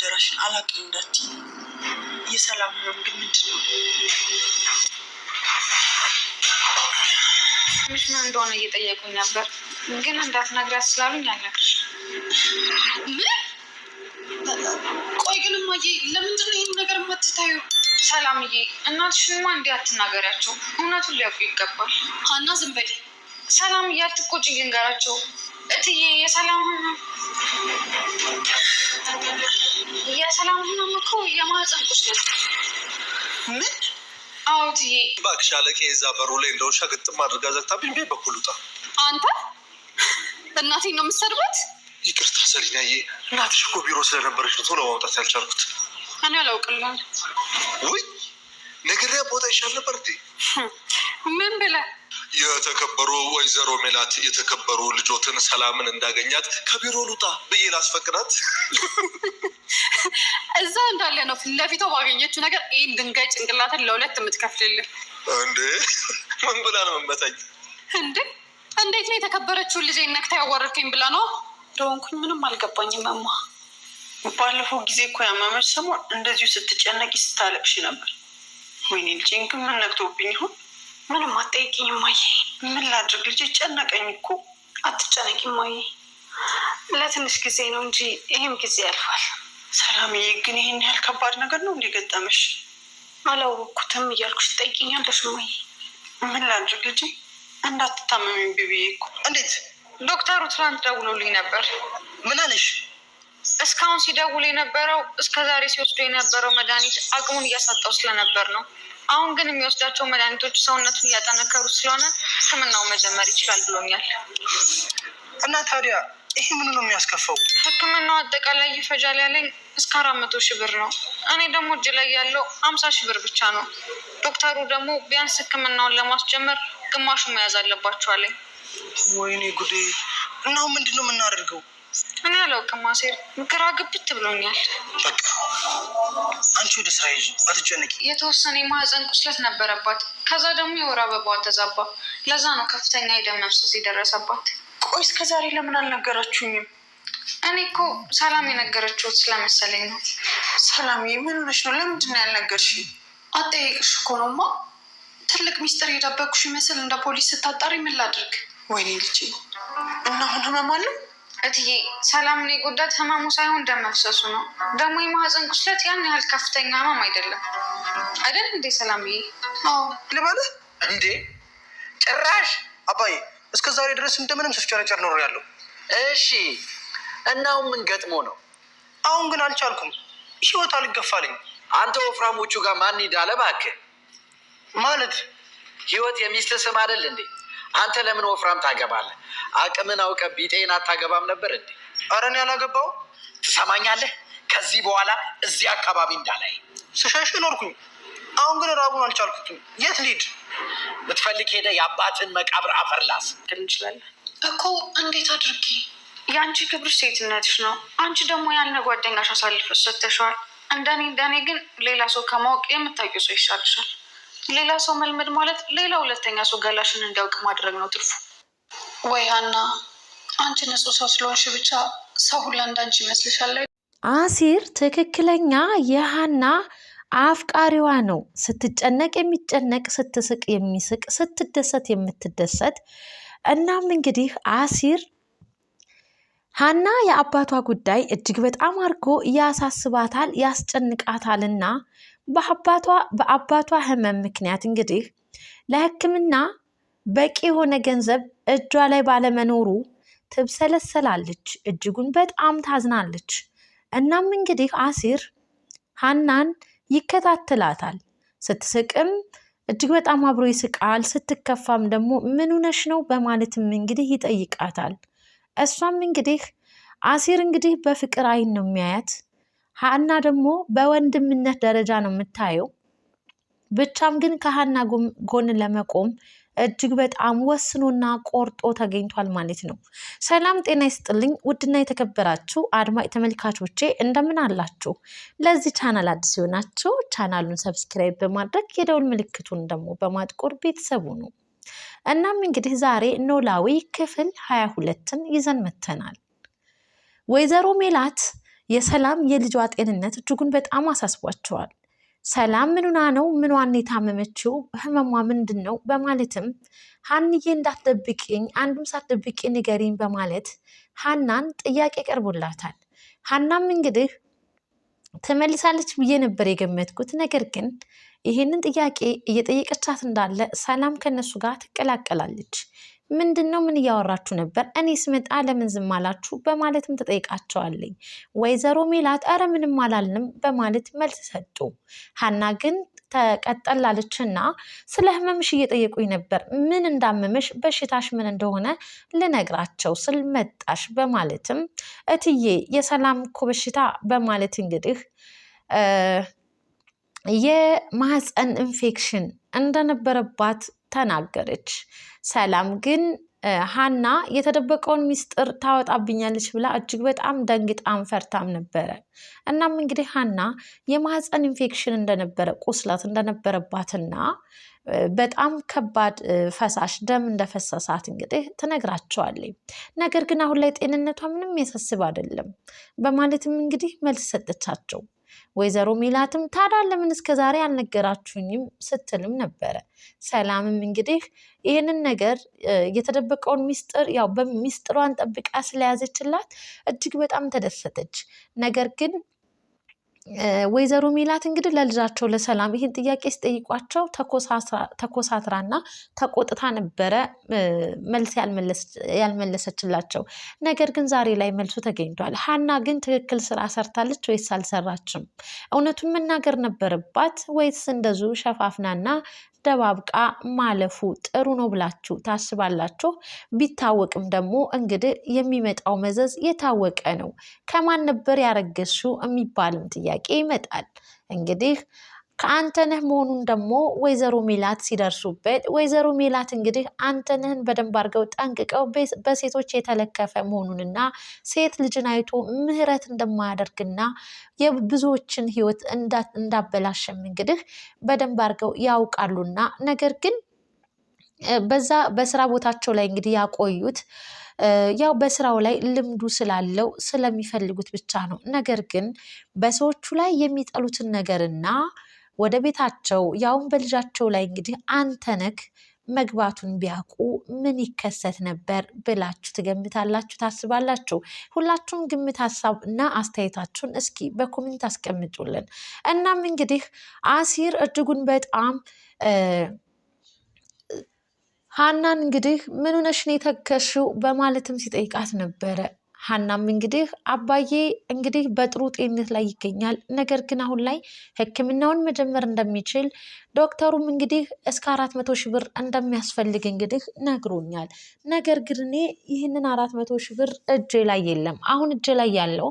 አደራሽን አላቅም እንዳት የሰላም ነው ግን ምንድን ነው ምሽ ምን እንደሆነ እየጠየቁኝ ነበር፣ ግን እንዳትነግሪያት ስላሉኝ አልነግርሽ። ቆይ ግን ማዬ ለምንድን ነው ይህን ነገር የማትታዩ? ሰላምዬ እናትሽንማ እንዲህ አትናገሪያቸው፣ እውነቱን ሊያውቁ ይገባል። ሀና ዝም ሰላም ሰላምዬ፣ አትቆጪ ልንገራቸው እትዬ የሰላም ሆነ የሰላም ህመም እኮ የማህፀን ቁስል ምን? አዎትዬ እባክሽ አለቄ፣ የዛ በሩ ላይ እንደ ውሻ ግጥም አድርጋ ዘግታብኝ። ቤት በኩል ውጣ። አንተ እናቴን ነው የምትሰድባት? ይቅርታ ሰሊናዬ፣ እናትሽ እኮ ቢሮ ስለነበረች ነው ቶሎ ማውጣት ያልቻልኩት። እኔ አላውቅልም። ውይ ነገር ቦታ ይሻል ነበር። ምን ብለህ የተከበሩ ወይዘሮ ሜላት የተከበሩ ልጆትን ሰላምን እንዳገኛት ከቢሮ ልውጣ ብዬ ላስፈቅዳት እዛ እንዳለ ነው ፊት ለፊቷ ባገኘችው ነገር ይህን ድንጋይ ጭንቅላትን ለሁለት የምትከፍልልን። እንዴ ምን ብላ ነው የምመታኝ? እንዴ እንዴት ነው የተከበረችውን ልጄ ነክታ ያዋረድከኝ ብላ ነው ደሆንኩኝ። ምንም አልገባኝም። እማ ባለፈው ጊዜ እኮ ያመመች ሰሞን እንደዚሁ ስትጨነቂ ስታለቅሽ ነበር። ወይኔ ልጄን ግን ምን ነክቶብኝ ይሆን? ምንም አጠይቅኝ ማየ፣ ምን ላድርግ ልጅ ጨነቀኝ እኮ። አትጨነቂ ማየ፣ ለትንሽ ጊዜ ነው እንጂ ይህም ጊዜ ያልፋል። ሰላምዬ፣ ግን ይህን ያህል ከባድ ነገር ነው እንዲገጠመሽ አላወኩትም እያልኩሽ ትጠይቂኛለሽ ማየ። ምን ላድርግ ልጅ እንዳትታመሚ ብዬ እኮ። እንዴት? ዶክተሩ ትናንት ደውሎልኝ ነበር። ምን አለሽ? እስካሁን ሲደውል የነበረው እስከዛሬ ሲወስዶ የነበረው መድኃኒት አቅሙን እያሳጣው ስለነበር ነው አሁን ግን የሚወስዳቸው መድኃኒቶች ሰውነቱን እያጠነከሩ ስለሆነ ህክምናው መጀመር ይችላል ብሎኛል። እና ታዲያ ይሄ ምን ነው የሚያስከፋው? ህክምናው አጠቃላይ ይፈጃል ያለኝ እስከ አራት መቶ ሺህ ብር ነው። እኔ ደግሞ እጅ ላይ ያለው አምሳ ሺህ ብር ብቻ ነው። ዶክተሩ ደግሞ ቢያንስ ህክምናውን ለማስጀመር ግማሹ መያዝ አለባቸው አለኝ። ወይኔ ጉዴ! እና ምንድን ነው የምናደርገው? እኔ አላውቅም አሴር፣ ግራ ግብት ብሎኛል። አንቺ ወደ ስራ ሂጂ አትጨነቂ። የተወሰነ የማህፀን ቁስለት ነበረባት። ከዛ ደግሞ የወር አበባ ተዛባ። ለዛ ነው ከፍተኛ የደም መፍሰስ የደረሰባት። ቆይ እስከ ዛሬ ለምን አልነገራችሁኝም? እኔ እኮ ሰላም የነገረችሁት ስለመሰለኝ ነው። ሰላም ምን ሆነሽ ነው? ለምንድን ነው ያልነገርሽ? አጠየቅሽ እኮ ነውማ። ትልቅ ሚስጥር የደበቅሽ ይመስል እንደ ፖሊስ ስታጣሪ ምን ላድርግ? ወይኔ ልጅ እና አሁን ህመም አለው እትዬ ሰላምን የጎዳት ህመሙ ሳይሆን ደም መፍሰሱ ነው። ደግሞ የማህፀን ቁስለት ያን ያህል ከፍተኛ ህመም አይደለም አይደል እንዴ? ሰላምዬ ልበልህ እንዴ? ጭራሽ አባዬ እስከ ዛሬ ድረስ እንደምንም ስፍጨረጨር ኖሮ ያለው። እሺ እናው ምን ገጥሞ ነው? አሁን ግን አልቻልኩም፣ ህይወት አልገፋልኝ። አንተ ወፍራሞቹ ጋር ማን ሄዳለ? እባክህ ማለት ህይወት የሚስት ስም አይደል እንዴ? አንተ ለምን ወፍራም ታገባለህ? አቅምን አውቀ ቢጤን አታገባም ነበር እንዴ? ኧረ እኔ ያላገባው። ትሰማኛለህ? ከዚህ በኋላ እዚህ አካባቢ እንዳላይ ስሸሽ ኖርኩኝ። አሁን ግን ራቡን አልቻልኩትም። የት ሊድ ምትፈልግ ሄደ የአባትን መቃብር አፈር ላስ እንችላለን እኮ። እንዴት አድርጌ? የአንቺ ክብር ሴትነትሽ ነው። አንቺ ደግሞ ያነ ጓደኛሽ አሳልፈሽ ሰጥተሸዋል። እንደኔ እንደኔ ግን ሌላ ሰው ከማወቅ የምታውቂው ሰው ይሻልሻል። ሌላ ሰው መልመድ ማለት ሌላ ሁለተኛ ሰው ገላሽን እንዲያውቅ ማድረግ ነው ትርፉ። ወይ ሀና፣ አንቺ ንጹህ ሰው ስለሆንሽ ብቻ ሰው ሁላ እንዳንቺ ይመስልሻል። አሲር ትክክለኛ የሀና አፍቃሪዋ ነው። ስትጨነቅ የሚጨነቅ፣ ስትስቅ የሚስቅ፣ ስትደሰት የምትደሰት። እናም እንግዲህ አሲር ሀና የአባቷ ጉዳይ እጅግ በጣም አድርጎ ያሳስባታል፣ ያስጨንቃታልና በአባቷ በአባቷ ህመም ምክንያት እንግዲህ ለህክምና በቂ የሆነ ገንዘብ እጇ ላይ ባለመኖሩ ትብሰለሰላለች፣ እጅጉን በጣም ታዝናለች። እናም እንግዲህ አሲር ሀናን ይከታተላታል። ስትስቅም እጅግ በጣም አብሮ ይስቃል። ስትከፋም ደግሞ ምን ሆነሽ ነው በማለትም እንግዲህ ይጠይቃታል። እሷም እንግዲህ አሲር እንግዲህ በፍቅር አይን ነው የሚያያት። ሀና ደግሞ በወንድምነት ደረጃ ነው የምታየው። ብቻም ግን ከሀና ጎን ለመቆም እጅግ በጣም ወስኖና ቆርጦ ተገኝቷል ማለት ነው። ሰላም ጤና ይስጥልኝ። ውድና የተከበራችሁ አድማጭ ተመልካቾቼ እንደምን አላችሁ? ለዚህ ቻናል አዲስ ሲሆናችሁ ቻናሉን ሰብስክራይብ በማድረግ የደውል ምልክቱን ደግሞ በማጥቆር ቤተሰቡ ነው። እናም እንግዲህ ዛሬ ኖላዊ ክፍል ሀያ ሁለትን ይዘን መተናል። ወይዘሮ ሜላት የሰላም የልጇ ጤንነት እጅጉን በጣም አሳስቧቸዋል። ሰላም ምኑና ነው ምኗን የታመመችው ህመሟ ምንድን ነው በማለትም ሀንዬ እንዳትደብቅኝ አንዱም ሳትደብቂ ንገሪኝ በማለት ሀናን ጥያቄ ቀርቦላታል። ሀናም እንግዲህ ትመልሳለች ብዬ ነበር የገመትኩት፣ ነገር ግን ይህንን ጥያቄ እየጠየቀቻት እንዳለ ሰላም ከነሱ ጋር ትቀላቀላለች። ምንድን ነው ምን እያወራችሁ ነበር? እኔ ስመጣ ለምን ዝም አላችሁ? በማለትም ተጠይቃቸዋለኝ። ወይዘሮ ሜላት ኧረ ምንም አላልንም በማለት መልስ ሰጡ። ሀና ግን ተቀጠላለችና ስለ ህመምሽ እየጠየቁኝ ነበር፣ ምን እንዳመመሽ በሽታሽ ምን እንደሆነ ልነግራቸው ስል መጣሽ በማለትም እትዬ የሰላም እኮ በሽታ በማለት እንግዲህ የማህፀን ኢንፌክሽን እንደነበረባት ተናገረች። ሰላም ግን ሀና የተደበቀውን ሚስጥር ታወጣብኛለች ብላ እጅግ በጣም ደንግጣም ፈርታም ነበረ። እናም እንግዲህ ሀና የማህፀን ኢንፌክሽን እንደነበረ ቁስለት እንደነበረባትና በጣም ከባድ ፈሳሽ ደም እንደፈሰሳት እንግዲህ ትነግራቸዋለች። ነገር ግን አሁን ላይ ጤንነቷ ምንም ያሳስብ አይደለም በማለትም እንግዲህ መልስ ሰጠቻቸው። ወይዘሮ ሚላትም ታዲያ ለምን እስከ ዛሬ አልነገራችሁኝም ስትልም ነበረ። ሰላምም እንግዲህ ይህንን ነገር የተደበቀውን ሚስጥር ያው በሚስጥሯን ጠብቃ ስለያዘችላት እጅግ በጣም ተደሰተች። ነገር ግን ወይዘሮ ሜላት እንግዲህ ለልጃቸው ለሰላም ይህን ጥያቄ ሲጠይቋቸው ተኮሳትራና ተቆጥታ ነበረ መልስ ያልመለሰችላቸው። ነገር ግን ዛሬ ላይ መልሱ ተገኝቷል። ሀና ግን ትክክል ስራ ሰርታለች ወይስ አልሰራችም? እውነቱን መናገር ነበረባት ወይስ እንደዙ ሸፋፍናና ደባብቃ ማለፉ ጥሩ ነው ብላችሁ ታስባላችሁ? ቢታወቅም ደግሞ እንግዲህ የሚመጣው መዘዝ የታወቀ ነው። ከማን ነበር ያረገዝሽው የሚባልም ጥያቄ ይመጣል እንግዲህ ከአንተነህ መሆኑን ደግሞ ወይዘሮ ሜላት ሲደርሱበት ወይዘሮ ሜላት እንግዲህ አንተነህን በደንብ አድርገው ጠንቅቀው በሴቶች የተለከፈ መሆኑንና ሴት ልጅን አይቶ ምህረት እንደማያደርግና የብዙዎችን ህይወት እንዳበላሸም እንግዲህ በደንብ አድርገው ያውቃሉና ነገር ግን በዛ በስራ ቦታቸው ላይ እንግዲህ ያቆዩት ያው በስራው ላይ ልምዱ ስላለው ስለሚፈልጉት ብቻ ነው። ነገር ግን በሰዎቹ ላይ የሚጠሉትን ነገርና ወደ ቤታቸው ያውም በልጃቸው ላይ እንግዲህ አንተ ነክ መግባቱን ቢያውቁ ምን ይከሰት ነበር ብላችሁ ትገምታላችሁ? ታስባላችሁ? ሁላችሁም ግምት፣ ሀሳብ እና አስተያየታችሁን እስኪ በኮሜንት አስቀምጡልን። እናም እንግዲህ አሲር እጅጉን በጣም ሀናን እንግዲህ ምን ነሽን የተከሽው በማለትም ሲጠይቃት ነበረ። ሀናም እንግዲህ አባዬ እንግዲህ በጥሩ ጤንነት ላይ ይገኛል። ነገር ግን አሁን ላይ ሕክምናውን መጀመር እንደሚችል ዶክተሩም እንግዲህ እስከ አራት መቶ ሺህ ብር እንደሚያስፈልግ እንግዲህ ነግሮኛል። ነገር ግን እኔ ይህንን አራት መቶ ሺህ ብር እጄ ላይ የለም፣ አሁን እጄ ላይ ያለው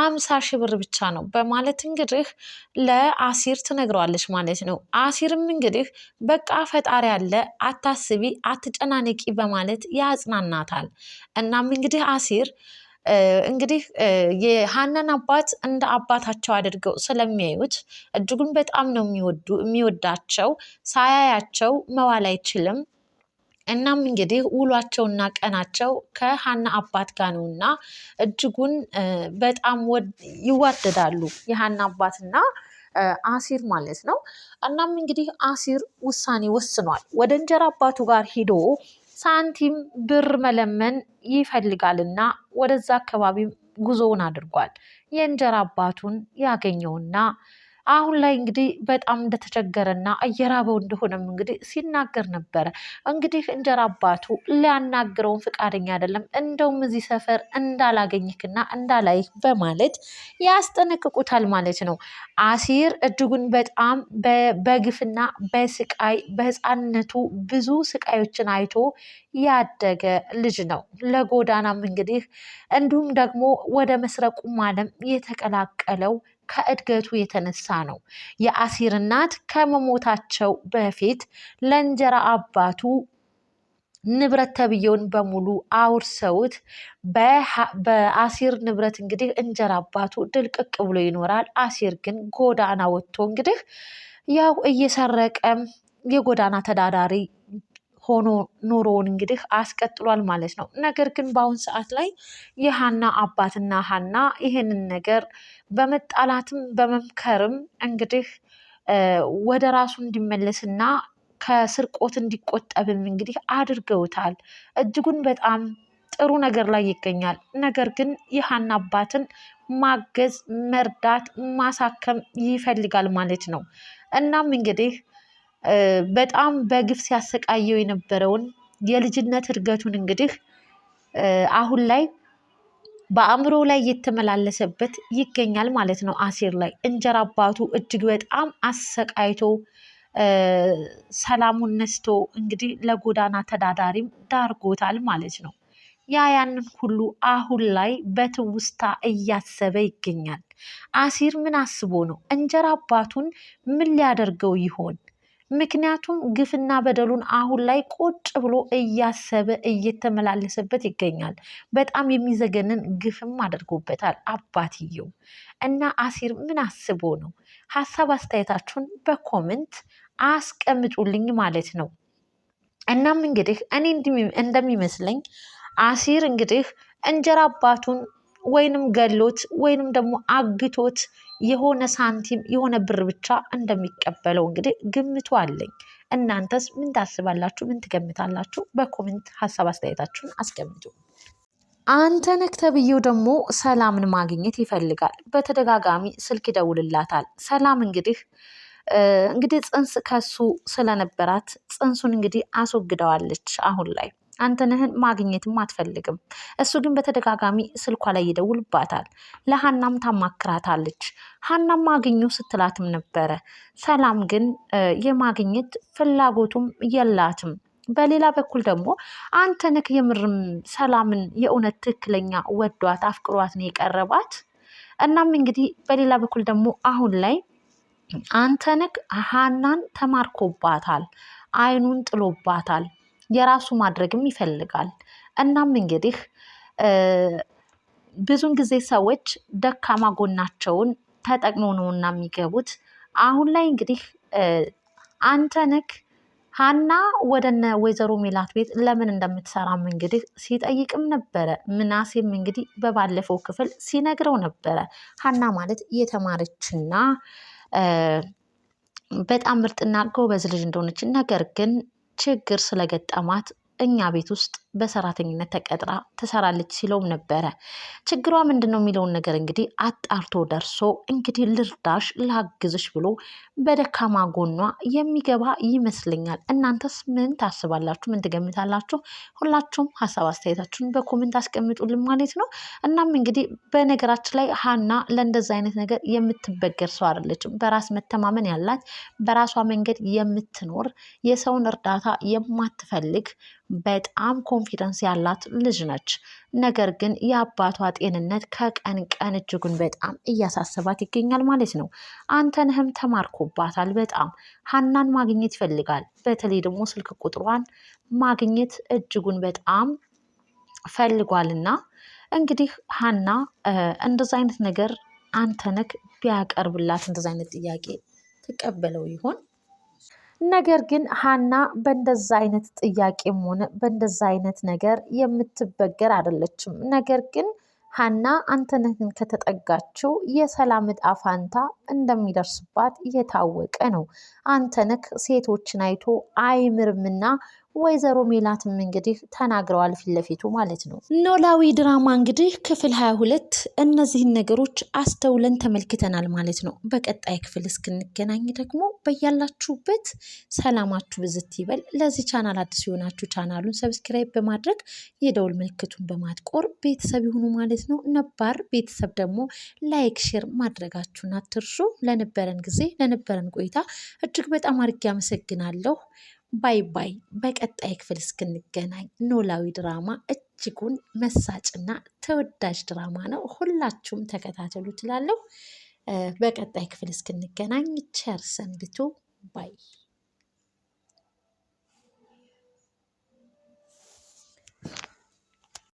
አምሳ ሺህ ብር ብቻ ነው በማለት እንግዲህ ለአሲር ትነግረዋለች ማለት ነው። አሲርም እንግዲህ በቃ ፈጣሪ አለ፣ አታስቢ፣ አትጨናነቂ በማለት ያጽናናታል። እናም እንግዲህ አሲር እንግዲህ የሀናን አባት እንደ አባታቸው አድርገው ስለሚያዩት እጅጉን በጣም ነው የሚወዳቸው። ሳያያቸው መዋል አይችልም። እናም እንግዲህ ውሏቸውና ቀናቸው ከሀና አባት ጋር ነው እና እጅጉን በጣም ይዋደዳሉ የሀና አባትና አሲር ማለት ነው። እናም እንግዲህ አሲር ውሳኔ ወስኗል። ወደ እንጀራ አባቱ ጋር ሂዶ ሳንቲም ብር መለመን ይፈልጋልና ወደዛ አካባቢ ጉዞውን አድርጓል። የእንጀራ አባቱን ያገኘውና አሁን ላይ እንግዲህ በጣም እንደተቸገረና እየራበው እንደሆነም እንግዲህ ሲናገር ነበረ። እንግዲህ እንጀራ አባቱ ሊያናግረውን ፍቃደኛ አይደለም። እንደውም እዚህ ሰፈር እንዳላገኝክና እንዳላይህ በማለት ያስጠነቅቁታል ማለት ነው። አሲር እጅጉን በጣም በግፍና በስቃይ በህፃንነቱ ብዙ ስቃዮችን አይቶ ያደገ ልጅ ነው። ለጎዳናም እንግዲህ እንዲሁም ደግሞ ወደ መስረቁም ዓለም የተቀላቀለው ከእድገቱ የተነሳ ነው። የአሲር እናት ከመሞታቸው በፊት ለእንጀራ አባቱ ንብረት ተብዬውን በሙሉ አውርሰውት በአሲር ንብረት እንግዲህ እንጀራ አባቱ ድልቅቅ ብሎ ይኖራል። አሲር ግን ጎዳና ወጥቶ እንግዲህ ያው እየሰረቀም የጎዳና ተዳዳሪ ሆኖ ኑሮውን እንግዲህ አስቀጥሏል ማለት ነው። ነገር ግን በአሁን ሰዓት ላይ የሀና አባትና ሀና ይህንን ነገር በመጣላትም በመምከርም እንግዲህ ወደ ራሱ እንዲመለስና ከስርቆት እንዲቆጠብም እንግዲህ አድርገውታል። እጅጉን በጣም ጥሩ ነገር ላይ ይገኛል። ነገር ግን የሀና አባትን ማገዝ፣ መርዳት፣ ማሳከም ይፈልጋል ማለት ነው። እናም እንግዲህ በጣም በግፍ ሲያሰቃየው የነበረውን የልጅነት እድገቱን እንግዲህ አሁን ላይ በአእምሮ ላይ እየተመላለሰበት ይገኛል ማለት ነው። አሴር ላይ እንጀራ አባቱ እጅግ በጣም አሰቃይቶ ሰላሙን ነስቶ እንግዲህ ለጎዳና ተዳዳሪም ዳርጎታል ማለት ነው። ያ ያንን ሁሉ አሁን ላይ በትውስታ እያሰበ ይገኛል። አሲር ምን አስቦ ነው? እንጀራ አባቱን ምን ሊያደርገው ይሆን? ምክንያቱም ግፍና በደሉን አሁን ላይ ቁጭ ብሎ እያሰበ እየተመላለሰበት ይገኛል። በጣም የሚዘገንን ግፍም አድርጎበታል አባትየው እና አሲር ምን አስቦ ነው? ሀሳብ አስተያየታችሁን በኮመንት አስቀምጡልኝ ማለት ነው። እናም እንግዲህ እኔ እንደሚመስለኝ አሲር እንግዲህ እንጀራ አባቱን ወይንም ገሎት ወይንም ደግሞ አግቶት የሆነ ሳንቲም የሆነ ብር ብቻ እንደሚቀበለው እንግዲህ ግምቱ አለኝ። እናንተስ ምን ታስባላችሁ? ምን ትገምታላችሁ? በኮሜንት ሀሳብ አስተያየታችሁን አስቀምጡ። አንተነህ ተብዬው ደግሞ ሰላምን ማግኘት ይፈልጋል። በተደጋጋሚ ስልክ ይደውልላታል። ሰላም እንግዲህ እንግዲህ ጽንስ ከሱ ስለነበራት ጽንሱን እንግዲህ አስወግደዋለች አሁን ላይ አንተነህን ማግኘትም አትፈልግም። እሱ ግን በተደጋጋሚ ስልኳ ላይ ይደውልባታል። ለሀናም ታማክራታለች። ሀናም ማግኙ ስትላትም ነበረ። ሰላም ግን የማግኘት ፍላጎቱም የላትም። በሌላ በኩል ደግሞ ነክ የምርም ሰላምን የእውነት ትክክለኛ ወዷት አፍቅሯት ነው የቀረባት። እናም እንግዲህ በሌላ በኩል ደግሞ አሁን ላይ ነክ ሀናን ተማርኮባታል። አይኑን ጥሎባታል። የራሱ ማድረግም ይፈልጋል። እናም እንግዲህ ብዙን ጊዜ ሰዎች ደካማ ጎናቸውን ተጠቅመው እና የሚገቡት። አሁን ላይ እንግዲህ ነክ ሀና ወደነ ወይዘሮ ሜላት ቤት ለምን እንደምትሰራም እንግዲህ ሲጠይቅም ነበረ። ምናሴም እንግዲህ በባለፈው ክፍል ሲነግረው ነበረ። ሀና ማለት የተማረችና በጣም ምርጥና ጎበዝ ልጅ እንደሆነች ነገር ግን ችግር ስለገጠማት እኛ ቤት ውስጥ በሰራተኝነት ተቀጥራ ትሰራለች ሲለውም ነበረ። ችግሯ ምንድን ነው የሚለውን ነገር እንግዲህ አጣርቶ ደርሶ እንግዲህ ልርዳሽ፣ ላግዝሽ ብሎ በደካማ ጎኗ የሚገባ ይመስለኛል። እናንተስ ምን ታስባላችሁ? ምን ትገምታላችሁ? ሁላችሁም ሀሳብ አስተያየታችሁን በኮሜንት አስቀምጡልን ማለት ነው። እናም እንግዲህ በነገራችን ላይ ሀና ለእንደዚ አይነት ነገር የምትበገር ሰው አይደለችም። በራስ መተማመን ያላት በራሷ መንገድ የምትኖር የሰውን እርዳታ የማትፈልግ በጣም ኮ ኮንፊደንስ ያላት ልጅ ነች። ነገር ግን የአባቷ ጤንነት ከቀን ቀን እጅጉን በጣም እያሳሰባት ይገኛል ማለት ነው። አንተነህም ተማርኮባታል። በጣም ሀናን ማግኘት ይፈልጋል። በተለይ ደግሞ ስልክ ቁጥሯን ማግኘት እጅጉን በጣም ፈልጓልና እንግዲህ ሀና እንደዚ አይነት ነገር አንተነክ ቢያቀርብላት እንደዚ አይነት ጥያቄ ትቀበለው ይሆን? ነገር ግን ሀና በእንደዛ አይነት ጥያቄም ሆነ በእንደዛ አይነት ነገር የምትበገር አይደለችም። ነገር ግን ሀና አንተነህን ከተጠጋችው የሰላም እጣ ፋንታ እንደሚደርስባት እየታወቀ ነው። አንተነህ ሴቶችን አይቶ አይምርምና ወይዘሮ ሜላትም እንግዲህ ተናግረዋል ፊት ለፊቱ ማለት ነው። ኖላዊ ድራማ እንግዲህ ክፍል 22 እነዚህን ነገሮች አስተውለን ተመልክተናል ማለት ነው። በቀጣይ ክፍል እስክንገናኝ ደግሞ በያላችሁበት ሰላማችሁ ብዝት ይበል። ለዚህ ቻናል አዲስ የሆናችሁ ቻናሉን ሰብስክራይብ በማድረግ የደውል ምልክቱን በማጥቆር ቤተሰብ ይሁኑ ማለት ነው። ነባር ቤተሰብ ደግሞ ላይክ፣ ሼር ማድረጋችሁን አትርሱ። ለነበረን ጊዜ ለነበረን ቆይታ እጅግ በጣም አድርጌ አመሰግናለሁ። ባይ ባይ። በቀጣይ ክፍል እስክንገናኝ ኖላዊ ድራማ እጅጉን መሳጭና ተወዳጅ ድራማ ነው። ሁላችሁም ተከታተሉ ትላለሁ። በቀጣይ ክፍል እስክንገናኝ ቸር ሰንብቱ። ባይ